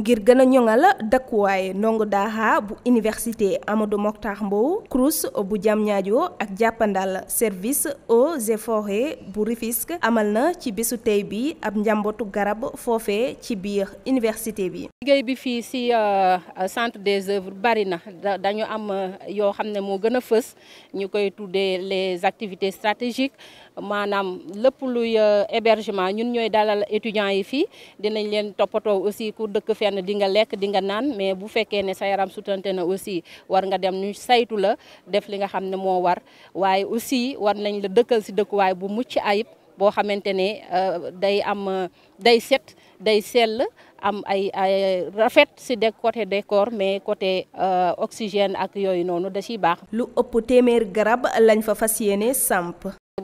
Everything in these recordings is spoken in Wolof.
ngir gëna a ñoŋal dëkkuwaay ndongo daaxa bu université Amadou Mokhtar Mbow CROUS bu Diamniadio ak jàppandal service eaux et forêts bu Rufisque amal na ci bésu tey bi ab njàmbootu garab foofe ci biir université bi liggéey bi fii ci euh, euh, centre des œuvres bari na dañu am euh, yoo xam ne moo gën a fës ñu koy tuddee les activités stratégiques maanaam lépp luy hébergement ñun ñooy dalal étudiants yi fii dinañ leen toppatoo aussi ku dëkk fenn di nga lekk di nga naan mais bu fekkee ne sa yaram sutante na aussi war nga dem ñu saytu la def li nga xam ne moo war waaye aussi war nañ la dëkkal ci dëkkuwaay bu mucc ayib boo xamante ne day am day set day sell am ay ay rafet si de côté décor mais côté euh, oxygène ak yooyu noonu da ciy baax. lu ëpp téeméer garab lañ fa fas yéene samp.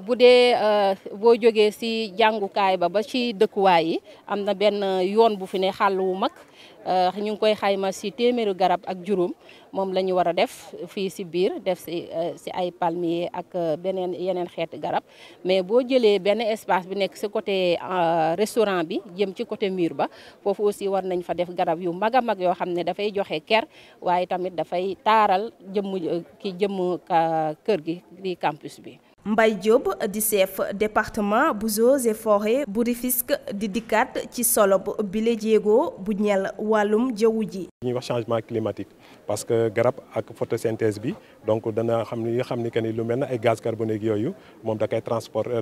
bu dee euh, boo jógee si jàngukaay ba ba ci dëkkuwaay yi am na benn yoon bu fi ne xàll wu mag. Euh, ñu ngi koy xayma si téeméeru garab ak juróom moom la ñu war a def fii si biir def si euh, si ay palmier ak euh, beneen yeneen xeeti garab mais boo jëlee benn espace bi nekk si côté restaurant bi jëm ci côté miir ba foofu aussi war nañ fa def garab yu mag a mag yoo xam ne dafay joxe ker waaye tamit dafay taaral jëmm ki jëmm kër gi di campus bi mbay Diop di chef département bu Eaux et Forêts bu Rufisque di dikkaat ci bi bile jéego bu ñeel wàllum jaww ji. ñuy wax changement climatique parce que garab ak photosynthèse bi donc dana xam ni xam ni que ni lu mel na ay gaz carbonique yooyu moom da koy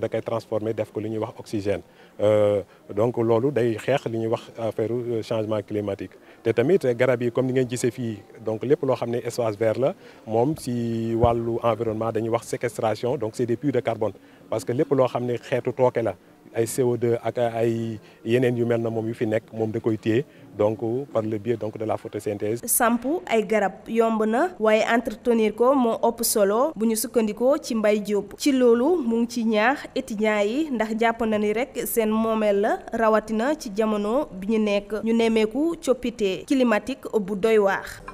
da koy transformer def ko lu ñuy wax oxygène euh, donc loolu day xeex li ñuy wax affaire changement climatique te tamit garab yi comme ni ngeen gisee fii. donc lépp loo xam ne espace vert la moom si wàllu environnement dañuy wax séquestration donc c' est des puits de carbone parce que lépp loo xam ne xeetu tooke la ay CO2 ak ay yeneen yu mel na moom yu fi nekk moom da koy téye donc par le biais donc de la photosynthèse. samp ay garab yomb na waaye entretenir ko moo ëpp solo bu ñu sukkandikoo ci mbay Diop. ci loolu mu ngi ci ñaax étudiants yi ndax jàpp na ni rek seen moomeel la rawatina ci jamono bi ñu nekk ñu nemmeeku coppite climatique bu doy waax